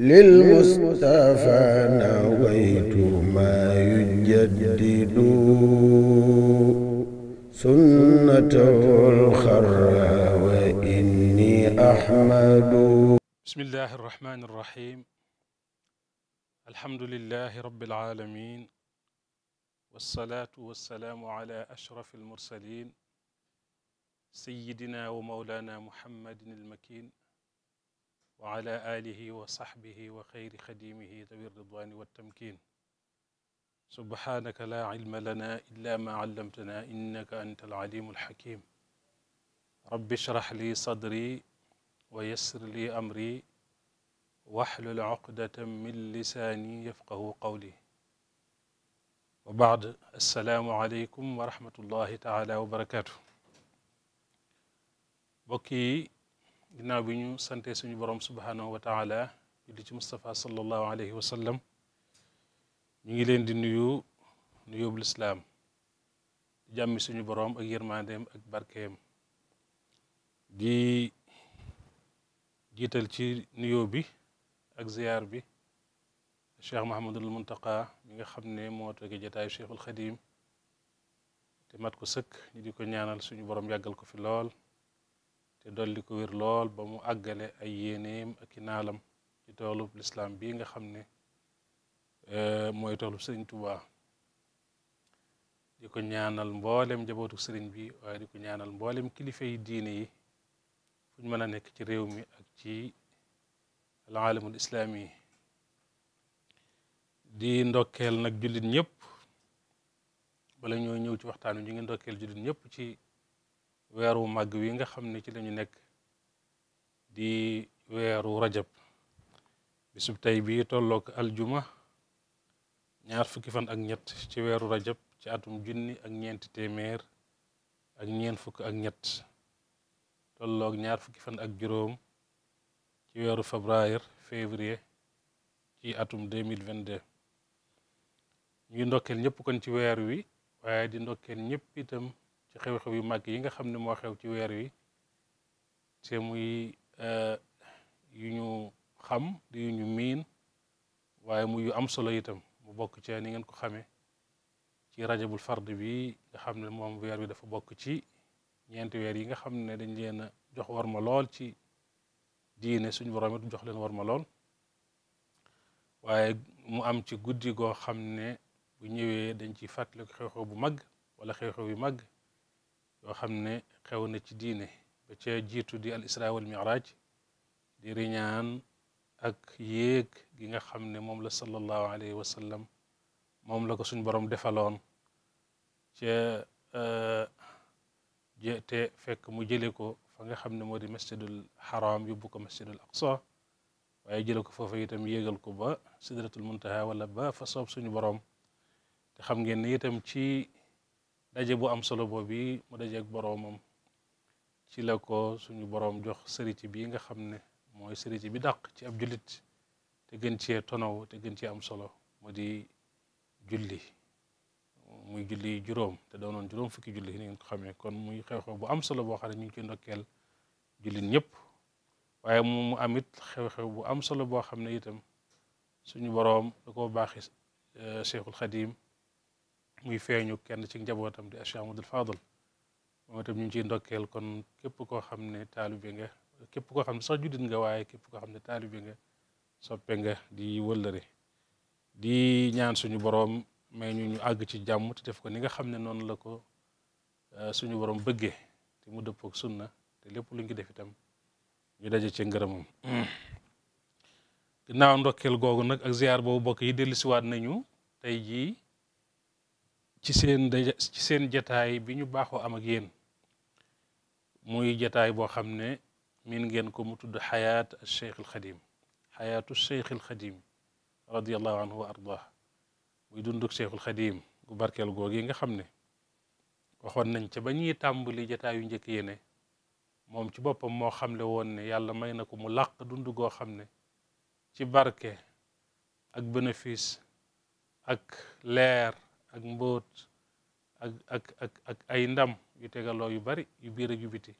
للمصطفى نويت ما يجدد سنته الخرى وإني أحمد بسم الله الرحمن الرحيم الحمد لله رب العالمين والصلاة والسلام على أشرف المرسلين سيدنا ومولانا محمد المكين wa ala alihi wa saxbihi wa xayri xadimihi dawi ridwani wattamkin subhanaka laa cilma lana illa ma callamtana innaka anta alcalimu alxakim rabbi shrax li sadri wa yassir li amri waxlul cuqdatan min lisaani yafqahu qawli wa baad assalaamu aleykum wa rahmatullahi taala wa barakaatu mbokk yi ginnaaw bi ñu sante suñu borom subhaanahu wa taala julli ci Moustapha sallallahu alayhi wa sallam ñu ngi leen di nuyu nuyóob lislaam di suñu borom ak yërmandeem ak barkeem di jiital ci nuyo bi ak ziyaar bi cheikh Mahamadul Muntaqa mi nga xam ne moo toog jataayu cheikhul Xadim te mat ko sëkk ñu ko ñaanal suñu borom yàggal ko fi lool. te dolli ko wér lool ba mu àggale ay yéeneem ak i naalam ci lislaam bii nga xam ne euh, mooy toolub sëriñ Tuubaa di ko ñaanal mboolem njabootu sëriñ bi waaye di ko ñaanal mboolem kilifa yi diine yi fu ñu mën a nekk ci réew mi ak ci alaalamul islaami yi di ndokkeel nag jullit ñëpp bala ñoo ñëw ci waxtaan wi ñu ngi ndokkeel jullit ñëpp ci weer wu màgg wi nga xam ne ci lañu nekk di weeru rajab bisub tey bi tollook aljuma ñaar fukki fan ak ñett ci weeru rajab ci atum junni ak ñeenti téeméer ak ñeent fukk ak ñett fukki fan ak juróom ci weeru février février ci atum vingt 2022 ñuy ndokkeel ñëpp kon ci weer wi waaye di ndokkeel ñëpp itam ci xew-xew yu mag yi nga xam ne moo xew ci weer wi te muy eh, yu ñu xam di yu ñu miin waaye muy yu am solo itam mu bokk ci ni ngeen ko xamee ci rajabul fard bi nga xam ne moom weer wi dafa bokk ci ñeenti weer yi nga xam ne dañ leen a jox war ma lool ci diine suñu borom it jox leen war ma lool waaye mu am ci guddi goo xam ne bu ñëwee dañ ci fàttaliku xew-xew bu mag wala xew-xew yu mag yoo xam ne xew na ci diine ba ca jiitu di al isra wal miraaj di riñaan ak yéeg gi nga xam ne moom la sallallahu alayhi wa sallam moom la ko suñ borom defaloon ca eh, te fekk mu jële ko fa nga xam ne moo di masjidul haram yóbbu ko masjidul aqsa waaye jële ko foofu itam yéegal ko ba sidratul muntaha wala ba fa soob suñu borom te xam ngeen ne ci daje bu am solo boobu mu dajeeg boroomam ci la ko suñu boroom jox sërici bi nga xam ne mooy sërici bi dàq ci ab jullit te gën cee tonaw te gën cee am solo mu di julli muy julli juróom te doon doonoon juróom fukki julli ni ngeen ko xamee kon muy xew-xew bu am solo boo xam ne ñu ngi ci ndokkeel jullit ñépp waaye mu am it xew-xew bu am solo boo xam ne itam suñu boroom da ko baaxi euh, Cheikhul Xadim muy feeñu kenn ci njabootam di Cheikh Amadou Fadal moom itam ñu ngi ciy ndokkeel kon képp koo xam ne taalibe nga képp koo xam ne sax juddit nga waaye képp koo xam ne taalibe nga soppe nga di wëllëre di ñaan suñu boroom mais ñu ñu àgg ci jàmm te def ko ni nga xam ne noonu la ko eh, suñu boroom bëggee te mu dëppook sunna te lépp lu ngi def itam ñu daje ci ngërëmam ginnaaw ndokkeel googu nag ak ziar boobu bokk yi dellusiwaat nañu tey jii ci seen seen jataay bi ñu baaxoo am ak yéen muy jataay boo xam ne miin ngeen ko mu tudd xayaat cheikh al xadim xayaatu cheikh al xadim radiallahu anhu wa ardah muy dunduk cheikh al xadim gu barkeel googi nga xam ne waxoon nañ ca ba ñuy tàmbali jataay yu njëkk yéene moom ci boppam moo xam le woon ne yàlla may na ko mu làq dund goo xam ne ci barke ak bénéfice ak leer ak mbóot ak ak ay ndam yu tegaloo yu bari yu biir yu biti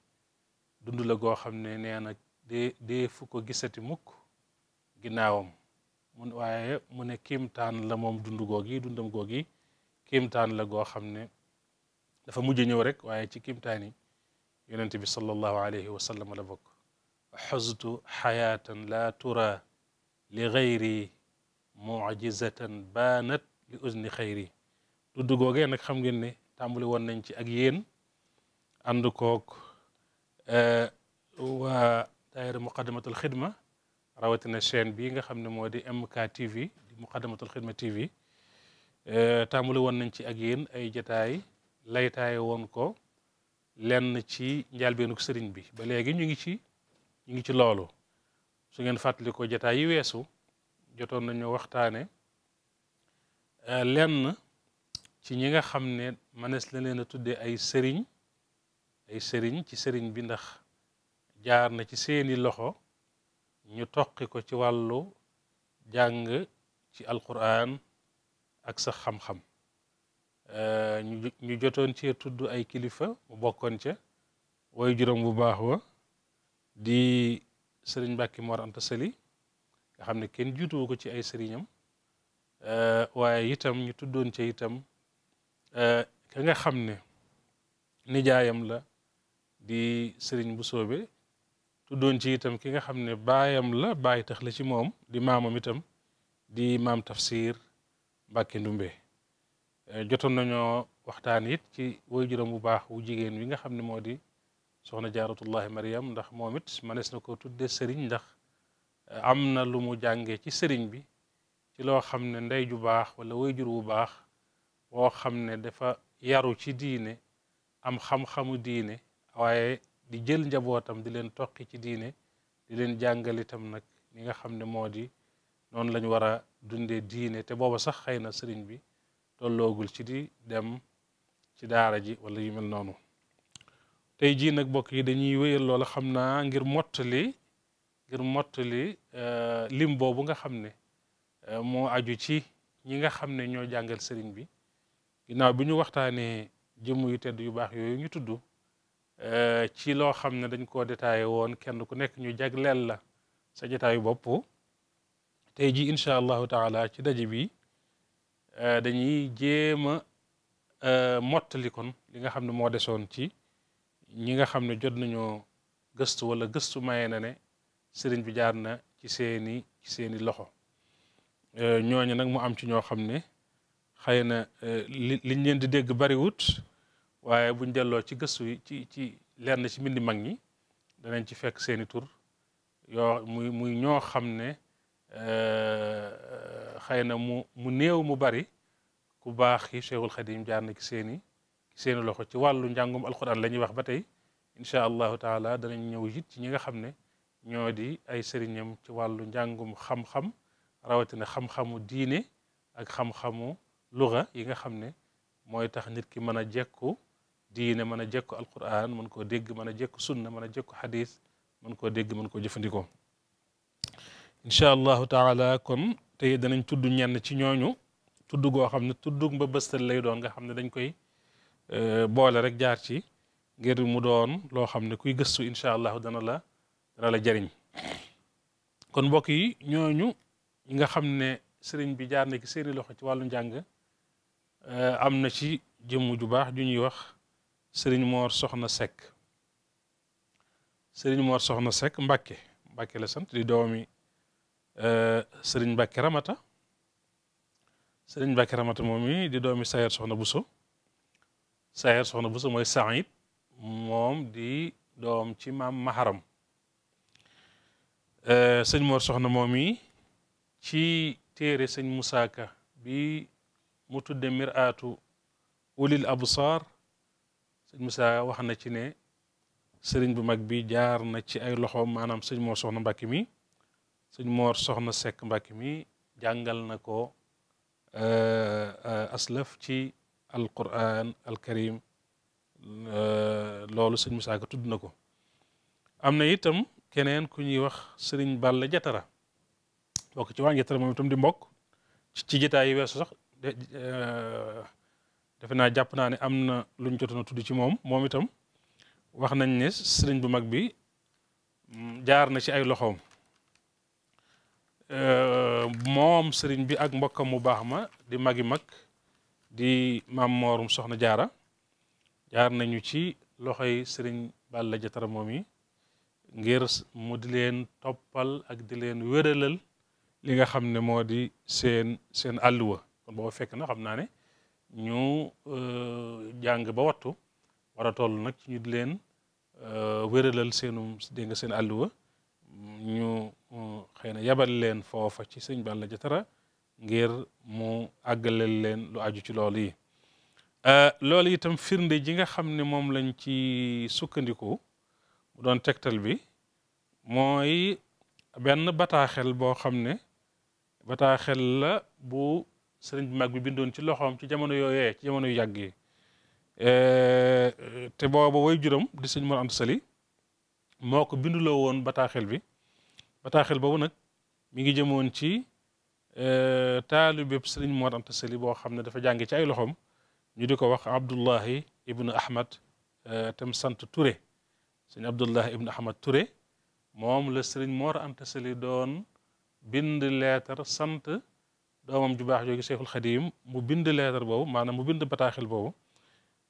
dund la goo xam ne nee na dee dee gisati mukk ginnaawam mun waaye mu ne la moom dund goog yi dundam goog yi kiimtaan la goo xam ne dafa mujj ñëw rek waaye ci kiimtaan yi yonent bi sallallahu alayhi wa sallam la bokk xuztu xayaatan la tura li gayri mucjizatan baanat li uzni xayri dudd googee nag xam ngeen ne tàmbali woon nañ ci ak yéen ànd kook eh, waa daayira muqaddamatul xidma rawatina seen bii nga xam ne moo di MK TV di muqaddamatul xidma TV eh, tàmbali woon nañ ci ak yéen ay jataay laytaay won ko lenn ci njàlbeenuk sëriñ bi ba léegi ñu ngi ci ñu ngi ci loolu su ngeen fàttali ko jataay yi weesu jotoon nañu waxtaane eh, lenn ci ñi nga xam ne mënees la leen a tuddee ay sëriñ ay sëriñ ci sëriñ bi ndax jaar na ci seeni loxo ñu toqi ko ci wàllu jàng ci alquran ak sa xam-xam euh, ñu jotoon ci tudd ay kilifa mu bokkoon ca way juróom bu baax wa di sëriñ Mbàkke Mor Anta Sali nga xam ne kenn juutuwu ko ci ay sëriñam euh, waaye itam ñu tuddoon ci itam ka nga xam ne nijaayam la di sëriñ bu soobe tuddoon ci itam ki nga xam ne baayam la baay tax la ci moom di maamam itam di maam tafsir Mbàkke Ndumbe eh, jotoon nañoo waxtaan it ci waajuram bu baax wu jigéen wi nga xam ne moo di soxna jaaratullahi Mariam ndax moom it manees na ko tudde sëriñ ndax eh, am na lu mu jàngee ci sëriñ bi ci loo xam ne ndey baax wala waajur wu baax woo xam ne dafa yaru ci diine am xam-xamu diine waaye di jël njabootam di leen toqi ci diine di leen jàngal itam nag ñi nga xam ne moo di noonu lañ war a dundee diine te booba sax xëy na sëriñ bi tolloogul ci di dem ci daara ji wala yu noonu tey jii nag mbokk yi dañuy wéyal lool xam naa ngir mottali ngir mottali eh, lim boobu nga xam ne eh, moo aju ci ñi nga xam ne ñoo jàngal sëriñ bi ginnaaw bi ñu waxtaanee jëmm yu yu baax yooyu ñu tudd eh, ci loo xam ne dañ koo détaillé woon kenn ku nekk ñu jagleel la sa jotaayu bopp tey ji incha allahu taala ci daje bi eh, dañuy jéema a eh, mottali kon li nga xam ne moo desoon ci ñi nga xam ne jot nañoo gëstu wala gëstu maye na ne sëriñ bi jaar na ci seeni ci seeni loxo ñooñu nag mu am ci ñoo xam ne xëy na euh, li liñ leen di dégg bariwut waaye buñ delloo ci gëstu yi ci ci lenn ci mbindi mag ñi danañ ci fekk seeni tur yoo muy muy ñoo xam ne euh, xëy na mu mu néew mu bari ku baax yi Cheikhul Khadim jaar na ci seeni loxo ci wàllu njàngum alxuraan lañuy wax ba tey incha allahu taala danañ ñëw it ci ñi nga xam ne ñoo di ay sëriñam ci wàllu njàngum xam-xam rawatina xam-xamu diine ak xam-xamu luga yi nga xam ne mooy tax nit ki mën a jekku diine mën a jekku alquran mën koo dégg mën a jekku sunna mën a jekku xadis mën koo dégg mën koo jëfandikoo incha allahu taala kon tey danañ tudd ñenn ci ñooñu tudd goo xam ne tuddug mba bëstal lay doon nga xam ne dañ koy e, boole rek jaar ci ngir mu doon loo xam ne kuy gëstu incha allahu dana la dana la jariñ kon mbokk yi ñooñu ñi nga xam ne sëriñ bi jaar na ci seeni loxo ci wàllu njàng Eh, am na ci jëmm ju baax ju ñuy wax sëriñ Moor Soxna sekk sëriñ Moor Soxna sekk Mbàkke Mbàkke la sant di doomi eh, sëriñ Mbàkke Ramata sëriñ Mbàkke Ramata moom mi di doomi Sayer Soxna Buso Sayer Soxna Buso mooy Saïd moom di doom ci maam Maharam eh, sëñ Moor Soxna moom mi ci téere sëñ Musaa Ka bi mu tudde miraatu ulil absar sëñ Musaa wax na ci ne sëriñ bu mag bi jaar na ci ay loxo maanaam sëñ Moor Soxna Mbàkke mi sëñ Moor Soxna Sekk Mbàkke mi jàngal na ko euh, euh, aslaf ci alquran alkarim euh, loolu sëñ Musaa ko tudd na ko am na itam keneen ku ñuy wax sëriñ Balla Jatara bokk ci waa Jatara moom itam di mbokk ci jitaay yi weesu sax Eh, defe naa jàpp naa ne am na luñ jotoon a tudd ci moom moom itam wax nañ ne sëriñ bu mag bi mm, jaar na ci ay loxoom eh, moom sëriñ bi ak mbokkam mu baax ma di magi mag di maam moorum soxna jaara jaar nañu ci loxoy sëriñ Balla Jatara moom yi ngir mu di leen toppal ak di leen wéralal li nga xam ne moo di seen seen àlluwa booba fekk na xam naa ne ñu euh, jàng ba wattu war a toll nag ñu di leen euh, wéralal seenu dégg seen àlluwa ñu euh, xëy na yabal leen foofa ci sëñ Balla Jatara ngir mu àggaleel leen lu aju ci loolu yi loolu itam firnde ji nga xam ne moom lañ ci sukkandiku mu doon tegtal bi mooy benn bataaxel boo xam ne bataaxel la bu sëriñ bi mag bi bindoon ci loxoom ci jamono yooyee ci jamono yu yàgg eh, te booba way juróom di sëñ Mor Anta Sali moo ko binduloo woon bataaxel bi bataaxel boobu nag mi ngi jëmoon ci eh, taalibeb sëriñ Mor Anta Sali boo xam ne dafa jànge ci ay loxoom ñu di ko wax Abdullahi ibnu Ahmad eh, tam sant Touré sëñ Abdullahi ibnu Ahmad Touré moom la sëriñ Mor Anta Sali doon bind leetar sant doomam ju baax jooju Seexul Xadiim mu bind leetar boobu maanaam mu bind bataaxel boobu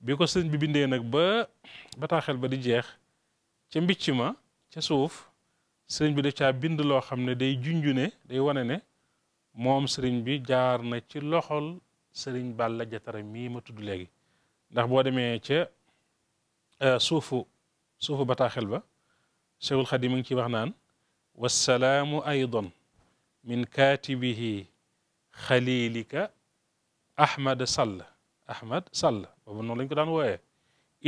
bi ko sëñ bi bindee nag ba bataaxel ba di jeex ca mbicc ma ca suuf sëriñ bi da ca bind loo xam ne day junju ne day wane ne moom sëriñ bi jaar na ci loxol sëriñ Balla Jatara mii ma tudd léegi ndax boo demee ca euh, suufu suufu bataaxel ba Seexul Xadiim mu ngi ciy wax naan wassalaamu aydan min kaatibihi xalilika ahmad sall ahmad sall boobu noonu lañ ko daan wooyee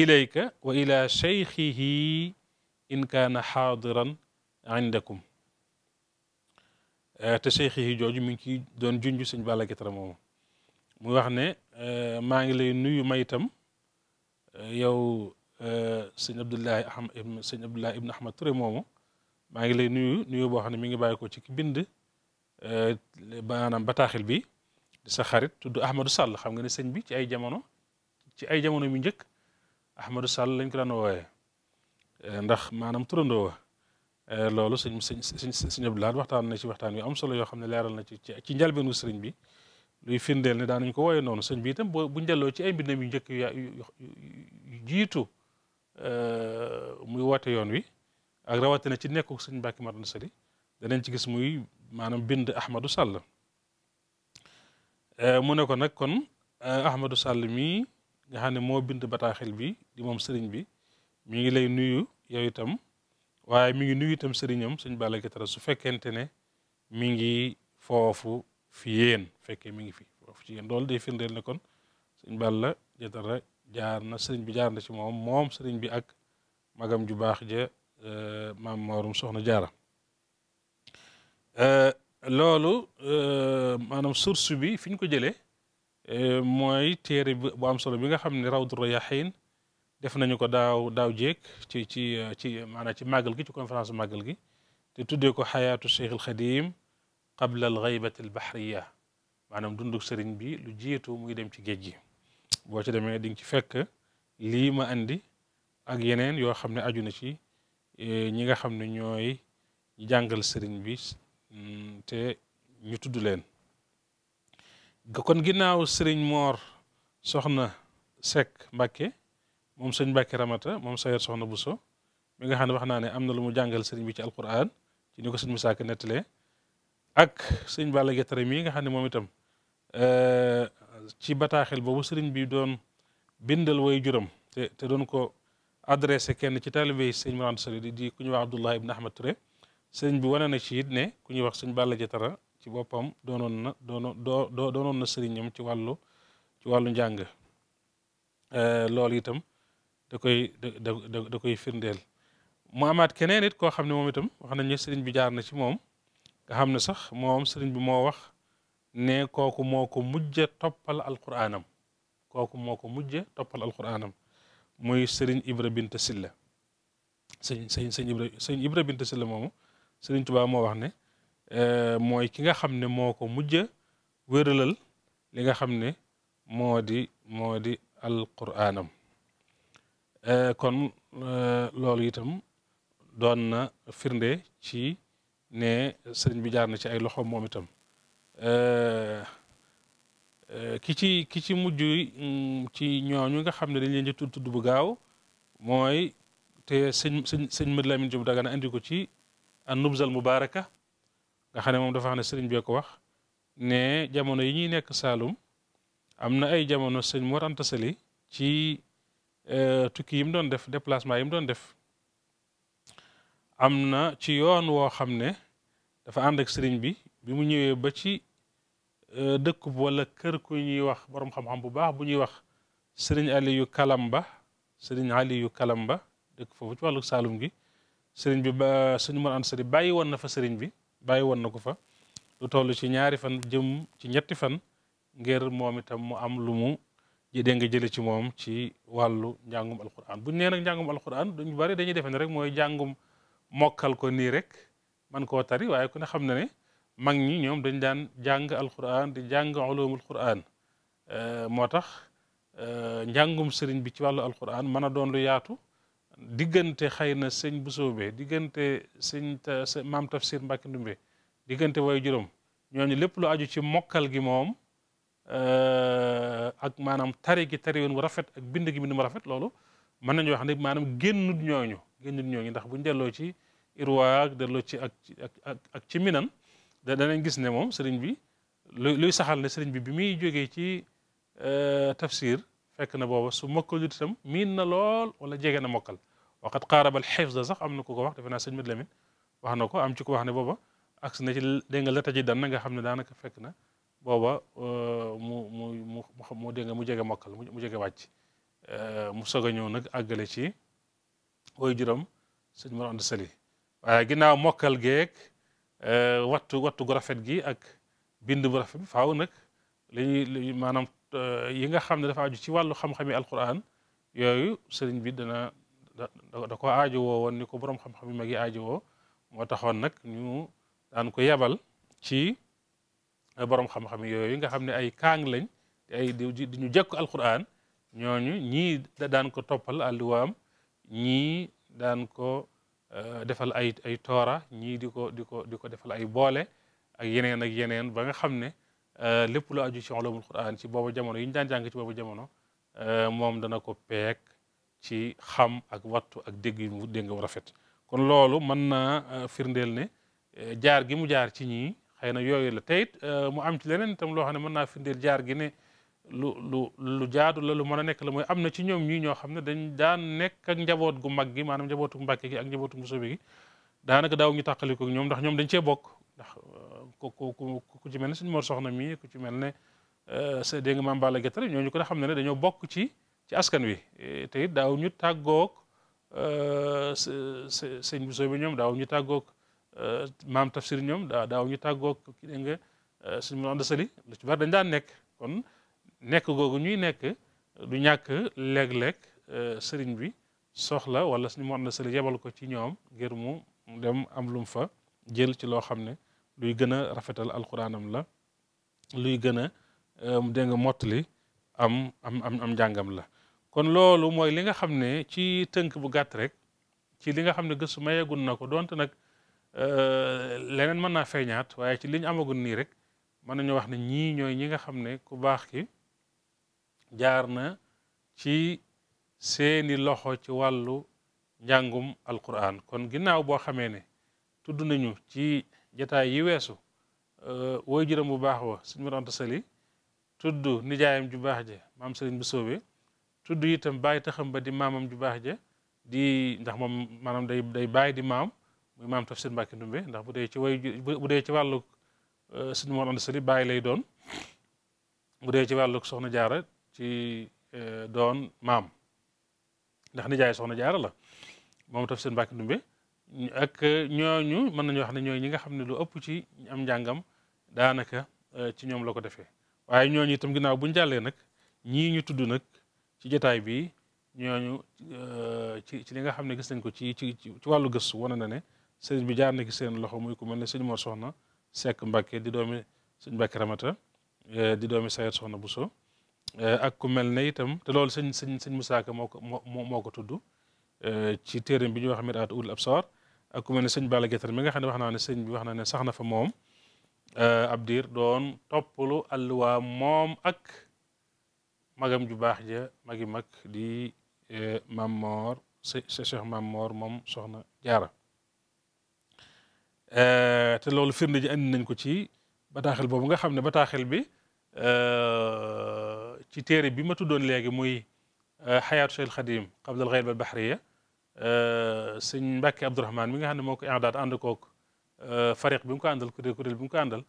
ilayka wa ila cheikhihi in kaana xaadiran indakum eh, te jooju mi ngi ciy doon junj sëñ Balla Guitar moomu muy wax ne eh, maa ngi lay nuyu ma itam eh, yow sëñ Abdullahi ahmad sëñ Abdullahi ibn Ahmad Touré moomu maa ngi lay nuyu nuyu boo xam ne mi ngi bàyyi ko ci bind Euh, maanaam bataaxil bi di sa xarit tudd Ahmadou Sall xam nga ne sëñ bi ci ay jamono ci ay jamono yu njëkk Ahmadou Sall lañ ko daan wooyee euh, ndax maanaam turandoo wa euh, loolu sëñ sëñ sëñ sëñ Abdou Lahad waxtaan na ci waxtaan yu am solo yoo xam ne leeral na ci ci njëlbeenu sëriñ bi luy firndeel ne daanañ ko wooyee noonu sëñ bi itam boo bu njëlloo ci ay mbindam yu njëkk yu jiitu muy woote yoon wi ak rawatina ci nekkuk sëñ Mbàkke Madina Sali danañ ci gis muy maanaam bind Ahmadou Sall eh, mu ne ko nag kon eh, Ahmadou Sall mii nga moo bind bataaxel bi di moom sëriñ bi mi ngi lay nuyu yow itam waaye mi ngi nuyu itam sëriñam sëñ Balla Guitara su fekkente ne mi ngi foofu fi yéen fekkee mi ngi fi foofu ci yéen loolu day firndeel ne kon sëñ Balla Guitara jaar na sëriñ bi jaar na ci sëriñ bi ak magam ju baax ja eh, maam moorum soxna jaara Euh, loolu euh, maanaam source bi fi ñu ko jëlee euh, mooy téere bu am solo bi nga xam ne Rawdu Rayaahiin def nañu ko daaw daaw jéeg ci ci ci maanaam ci màggal gi ci conférence màggal gi te tuddee ko xayaatu Cheikh al Xadim qabla al ghaybati al bahriya maanaam dunduk sëriñ bi lu jiitu muy dem ci géej gi boo ci demee di ci fekk lii ma andi ak yeneen yoo xam ne aju na ci ñi nga xam ne ñooy jàngal sëriñ bi Mm, te ñu tudd leen kon ginnaaw sëriñ moor soxna Seck Mbacke moom sëñ Mbacke Ramata moom sayer soxna Bousso mi nga xam ne wax naa ne am na lu mu jàngal seriñ bi ci alquran ci ni ko sëñ Musaa Ka nettalee ak sëñ Balla Guèye mii nga xam ne moom itam euh, ci bataaxel boobu sëriñ bi doon bindal way juram te doon ko adressé kenn ci taalibe yi sëñ Mor Anta Sali di ku ñuy wax Abdullah ibn Ahmad Touré sëriñ bi wane na ci it ne ku ñuy wax sëñ Balla Jatara ci boppam doonoon doono doo doonoon na sëriñam ci wàllu ci wàllu njàng eh, loolu itam da koy koy firndeel mu amaat keneen it koo xam ne moom itam wax nañ ne sëriñ bi jaar na ci moom nga xam ne sax moom sëriñ bi moo wax ne kooku moo ko mujje toppal alquraanam kooku moo mujje toppal alquraanam muy sëriñ Ibra Binta Silla sëñ sëñ sëñ Ibra sëñ Ibra Binta Silla moomu Sëriñ Tuubaa moo wax ne euh, mooy ki nga xam ne moo ko mujj wéralal li nga xam ne moo di moo di alquraanam euh, kon euh, loolu itam doon na firnde ci ne sëriñ bi jaar na ci ay loxo moom itam ki ci ki ci mujj mm, ci ñooñu nga xam ne dañ leen di tudd bu gaaw mooy te sëñ sëñ sëñ Madi Lamin Jóob Dagana andi ko ci an nubzal mubaraka nga xam ne moom dafa xam ne sëriñ bee ko wax ne jamono yi ñuy nekk Saalum am na ay jamono sëñ Mor Anta Sali ci e, tukki yi mu doon def déplacement yi mu doon def am na ci yoon woo xam ne dafa ànd ak sëriñ bi bi mu ñëwee ba ci dëkku e, dëkkub wala kër ku ñuy wax borom xam-xam bu baax bu ñuy wax sëriñ Aliyu Kalamba sëriñ Aliyu Kalamba dëkk foofu ci wàllu Saalum gi sëriñ bi ba suñu mën an bàyyi woon na fa sëriñ bi bàyyi woon na ko fa lu toll ci ñaari fan jëm ci ñetti fan nger moom itam mu am lu mu dégg nga jële ci moom ci wàllu njàngum alquran buñ nee nag njàngum alquran duñ bari dañuy defe rek mooy njàngum mokkal ko nii rek man koo tari waaye ku ne xam na ne mag ñi ñoom dañ daan jàng alquran di jàng ulumul quran eh, moo tax eh, njàngum sëriñ bi ci wàllu alquran mën a doon lu yaatu diggante xëy na sëñ Busoobe diggante sëñ maam Tafsir Mbàkke Ndumbe diggante way juróom ñooñu lépp lu aju ci mokkal gi moom euh, ak maanaam tari gi tari wu bu rafet ak bind gi bind mu rafet loolu mën nañu wax ne maanaam génnut ñooñu génnut ñooñu ndax buñ delloo ci irwaak delloo ci ak ak ci minan da danañ gis ne moom sëriñ bi luy saxal ne sëriñ bi bi muy jógee ci euh, tafsir fekk na booba su mokkal jut itam miin na lool wala jege na mokkal waqat xaarabal xifz sax am na ku ko wax defe naa sëñ Mat wax na ko am ci ko wax ne booba ak na ci dégg nga la taji dan na nga xam ne daanaka fekk na booba euh, mu mu mu dégg nga mu jege mokkal mu jege wàcc euh, mu soog a ñëw nag àggale ci woy juróom sëñ Mor Anta Sali waaye ginnaaw mokkal geeg euh, wattu wattu gu rafet gi ak bind bu rafet faw faaw nag li maanaam yi nga xam ne dafa aju ci wàllu xam-xami alquran yooyu sëriñ bi dana da ko aajowoo woon ni ko boroom xam-xam yu mag yi aajowoo moo taxoon nag ñu daan ko yebal ci eh, boroom xam-xam yooyu nga xam ne ay kaang lañ te ay di ñu jekku alquran ñooñu ñii daan ko toppal àlluwaam ñii daan ko defal ay ay toora ñii di ko di ko di ko defal ay boole ak yeneen ak yeneen ba nga xam ne eh, lépp loo aju ci ulumul quran ci boobu jamono yi ñu daan jàng ci boobu jamono eh, moom dana ko peek ci xam ak wattu ak dégg yu dégg nga rafet kon loolu mën na euh, firndeel ne euh, jaar gi mu jaar ci ñii xay na yooyu la tey it euh, mu am ci leneen tam loo xam ne mën naa firndeel jaar gi ne lu lu lu la lu mën a nekk la mooy am na ci ñoom ñii ñoo xam ne dañ daan nekk ak njaboot gu mag gi maanaam njabootu Mbàkke gi ak njabootu Musoobe gi daanaka daaw ñu tàqaliko ñoom ndax ñoom dañ cee bokk ndax ku ku ku ci mel ne suñu mor soxna mi ku ci mel ne sa dégg nga maam Balla Gueye ñooñu ko xam ne ne dañoo bokk ci ci askan wi e, te it daaw ñu tàggoog e, sëñ bu sooy ba ñoom daaw ñu tàggoog e, maam tafsir ñoom daaw ñu tàggoog ki dégg nga sëñ mu ànd sali lu ci bari dañ daan nekk kon nekk googu ñuy nekk du ñàkk léeg-léeg sëriñ bi soxla wala sëñ mu ànd sali yebal ko ci ñoom ngir mu dem am lum fa jël ci loo xam ne luy gën a rafetal alxuraanam la luy gën a dégg nga mottali am am am la kon loolu mooy li nga xam ne ci tënk bu gàtt rek ci li nga xam ne gëstu mayeegun na ko donte nag euh, leneen mën naa feeñaat waaye ci liñ ñu amagun nii rek mën nañu wax ne ñii ñooy ñi nga xam ne ku baax ki jaar na ci seeni loxo ci wàllu njàngum alquran kon ginnaaw boo xamee ne tudd nañu ci jataay yi weesu euh, woy juróom bu baax wa suñu mën a sali tudd nijaayam ju baax je maam Sëriñ bu soobee tudd itam bàyyi taxam ba di maamam ju baax ja di ndax moom maanaam day day bàyyi di maam muy maam Tafsir Mbàkke Ndumbe ndax bu dee ci way bu dee ci wàllu suñu moon ànd sali lay doon bu dee ci wàllu soxna jaara ci euh, doon maam ndax nijaay soxna jaara la moom Tafsir Mbàkke Ndumbe ak ñooñu mën nañu wax ne ñooy ñi nga xam ne lu ëpp ci am njàngam daanaka euh, ci ñoom la ko defee waaye ñooñu itam ginnaaw bu ñu jàllee nag tudd nag ci jotaay bi ñooñu euh, ci ci li nga xam ne gis nañ ko ci ci ci wàllu gëstu wane na ne sëriñ bi jaar na ci seen loxo muy ku mel ne sëñ Mor Soxna Seck Mbacke di doomi sëñ Mbacke Ramata euh, di doomi Sayet Soxna Bousso euh, ak ku mel ne itam te loolu sëñ sëñ sëñ Musaaka moo ko moo moo ko tudd ci téeram bi ñu wax Mir'at ul Absar ak ku mel ne sëñ Balla Guettar mi nga xam ne wax naa ne sëñ bi wax na ne sax na fa moom ab diir doon toppalu alluwaa moom ak magam ju baax ja magi mag di eh, mam sa Cheikh Mamor moom soxna jaara eh, te loolu firnde ji andi nañ ko ci bataaxel boobu nga xam ne bataaxel bi eh, ci téere bi ma tuddoon léegi muy xayaatu Cheikh Xadim qabla al-ghayb al-bahriya sëñ Mbàkke Abdourahman mi nga xam ne moo ko indaat ànd fariq bi mu ko àndal kuréel kuréel bi ko àndal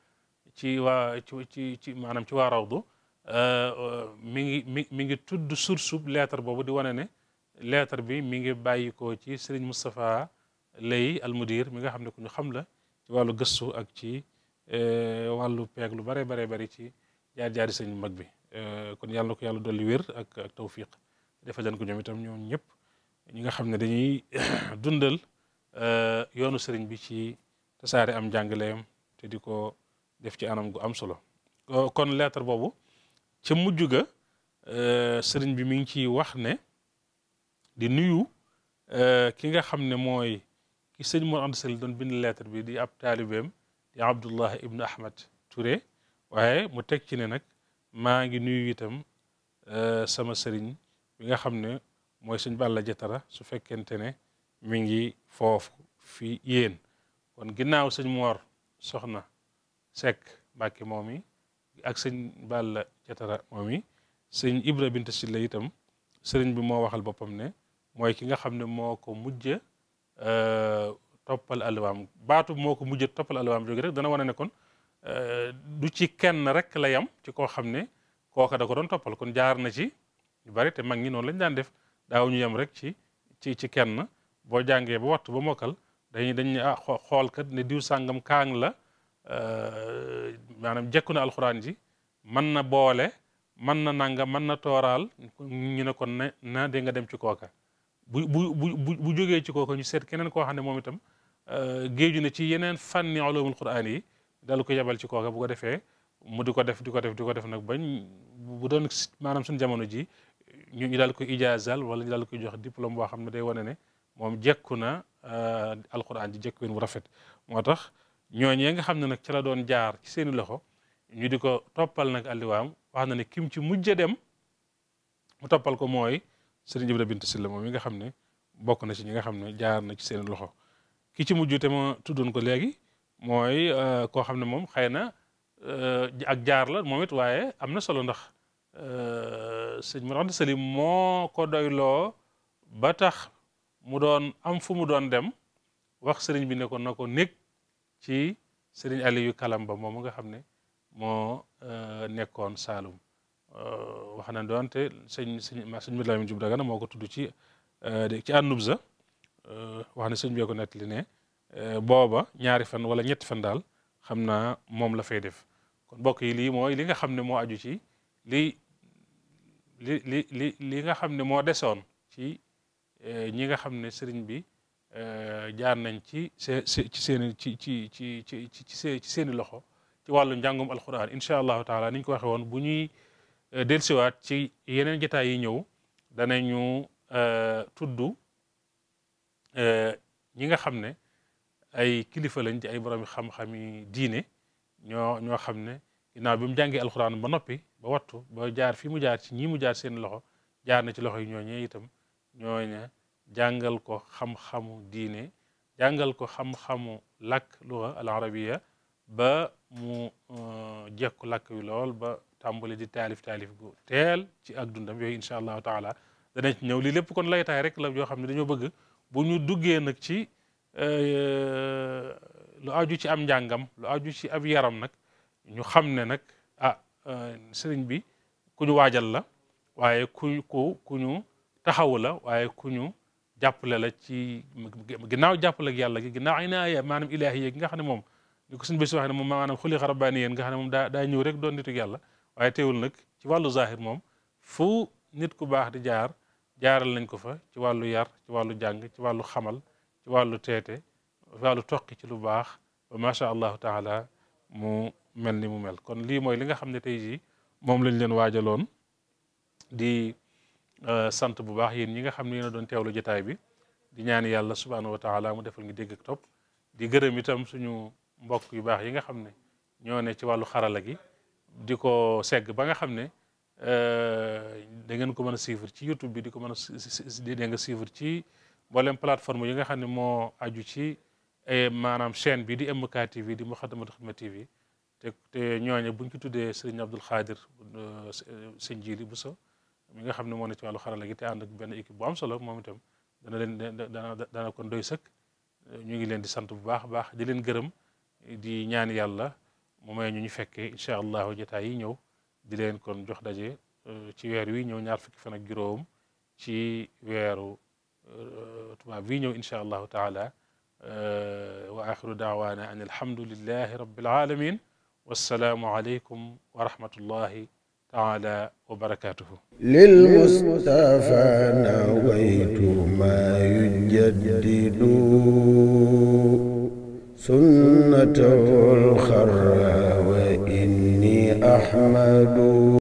ci waa ci ci maanaam ci waa rawdu mi ngi mi mi ngi tudd source lettre boobu di wane ne lettre bi mi ngi bàyyikoo ci Serigne Moustapha Lay almudir mi nga xam ne ko ñu xam la ci wàllu gëstu ak ci e, wàllu peeg lu bare bare bari ci jaar-jaari sëriñ mag bi e, kon yàlla ko yàlla dolli wér ak ak tawfiq defal leen ko ñoom itam ñoom ñëpp ñi nga xam ne dañuy dundal e, yoonu sëriñ bi ci tasaare am jàngaleem te di ko def ci anam gu am solo kon lettre boobu ca mujj ga euh, sëriñ bi mi ngi ciy wax ne di nuyu euh, ki nga xam ne mooy ki sëñ Mor Anta Sali doon bind lettre bi di ab taalibeem di Abdullah ibnu Ahmad Touré waaye mu teg ci ne nag maa ngi nuyu itam euh, sama sëriñ bi nga xam ne mooy sëñ Balla Jatara su fekkente ne mi ngi foofu fi yéen kon ginnaaw sëñ Mor soxna Seck Mbàkke moom yi ak sëñ Balla Jatara moom i sëñ Ibra Binta Silla itam sëriñ bi moo waxal boppam ne mooy ki nga xam ne moo ko mujj euh, toppal alwaam baatu moo ko mujj toppal alwaam jóge rek dana wane ne kon euh, du ci kenn rek la yam ci koo xam ne kooka da ko doon toppal kon jaar na ci ñu bari te mag ñi noonu lañ daan def daaw ñu yem rek ci ci ci kenn boo jàngee ba wattu ba mokal dañuy dañ ah xool kat ne diw sàngam kaang la Euh, maanaam jekku na alxuraan ji mën na boole mën na nanga mën na tooraal ñu ne kon na na de nga dem ci kooka bu bu bu bu jógee ci kooka ñu seet keneen koo xam ne moom itam euh, géeju na ci yeneen fànni ulumul quraan yi dal ko yebal ci kooka bu ko defee mu di ko def di ko def di ko def nag bañ bu doon maanaam suñu jamono ji ñu ñu daal ko ijaazal wala ñu daal koy jox diplôme boo xam ne day wane ne moom jekku na euh, alxuraan ji jekk ween bu rafet moo tax ñooñee nga xam ne nag ci la doon jaar ci seeni loxo ñu di ko toppal nag alliwaam wax na ne kim ci mujj a dem mu toppal ko mooy sëriñ Ibra Bintu Silla mi nga xam ne bokk na ci ñi nga xam ne jaar na ci seeni loxo ki ci mujj te ma tuddoon ko léegi mooy euh, koo xam ne moom xëy na euh, ak jaar la moom it waaye am na solo ndax euh, sëñ Mor Anta moo ko doyloo ba tax mu doon am fu mu doon dem wax sëriñ bi ne ko na ko nékk ci sëriñ Aliou Kalamba moom nga xam ne moo euh, nekkoon Saalum euh, wax na doonte sëñ sëñ sëñ Mor Lamin Joob Dagana moo ko tudd ci euh, ci ànnubza wax ne sëñ bee ko nettali ne booba ñaari fan wala ñetti fan daal xam naa moom la fay def kon mbokk yi lii mooy li nga xam ne moo aju ci lii li li li li nga xam ne moo desoon ci ñi nga xam ne sëriñ bi Euh, jaar nañ ci ci seen ci ci ci ci ci ci seen i loxo ci wàllu njàngum alquran incha allahu taala ni ko waxee woon bu ñuy euh, dellusiwaat ci yeneen jotaay yi ñëw danañu euh, tudd ñi nga xam ne ay kilifa lañ ci ay borom xam-xam yi diine ñoo ñoo xam ne ginnaaw bi mu jàngee alquran ba noppi ba wattu ba jaar fi mu jaar ci ñii mu jaar seen loxo jaar na ci loxo yi ñooñee itam ñooña jàngal ko xam-xamu diine jàngal ko xam-xamu làkk luga al arabiya ba mu euh, jekku làkk wi lool ba tàmbali di taalif taalif gu teel ci ak dundam yooyu incha allahu taala danañ ci ñëw lii lépp kon laytaay rek la yoo xam ne dañoo bëgg bu ñu duggee nag ci euh, lu aju ci am njàngam lu aju ci ab yaram nag ñu xam ne nag ah euh, sëriñ bi ku ñu waajal la waaye ku ku ku ñu taxawu la waaye ku ñu jàppale la ci ginnaaw jàppale ak yàlla gi ginnaaw na naaya maanaam ilaahiya gi nga xam ne moom ni ko suñu bés waxee ne moom maanaam xuli xarabaani yéen nga xam ne moom daa daa ñëw rek doon nitu yàlla waaye teewul nag ci wàllu zahir moom fu nit ku baax di jaar jaaral nañ ko fa ci wàllu yar ci wàllu jàng ci wàllu xamal ci wàllu teete ci wàllu toqi ci lu baax ba macha allahu taala mu mel ni mu mel kon lii mooy li nga xam ne tey jii moom lañ leen waajaloon di Euh, sant bu baax yéen ñi nga xam ne yéen a doon teewlu jotaay bi di ñaan yàlla subhaanahu wa taala mu defal ñu dégg ak di gërëm itam suñu mbokk yu baax yi nga xam ne ñoo ne ci wàllu xarala gi di ko segg ba nga xam ne euh, da ngeen ko mën a suivre ci YouTube bi di ko mën a di nga suivre ci mboolem plateforme yi nga xam ne moo aju ci eh, maanaam chaîne bi di MK TV di Moukhaddamatoul Khidma TV te te ñooñu buñ ko tuddee sëriñ Abdul Xaadir euh, sëñ bu so mi nga xam ne moo ne ci wàllu xarala gi te ànd ak benn équipe bu am solo moom itam dana leen dana dana kon doy sëkk ñu ngi leen di sant bu baax a baax di leen gërëm di ñaan yàlla mu ñu ñu fekkee incha allahu jotaay yi ñëw di leen kon jox daje euh, ci weer wi ñëw ñaar fukki fan ak juróom ci weeru euh, tubaab wi ñëw incha allahu taala euh, wa axiru daawaana an alhamdulillahi rabbil alamin wassalaamu aleykum taala wa barakaatuhu lil mustafa nawaytu ma yujaddidu sunnatul xarra wa inni ahmadu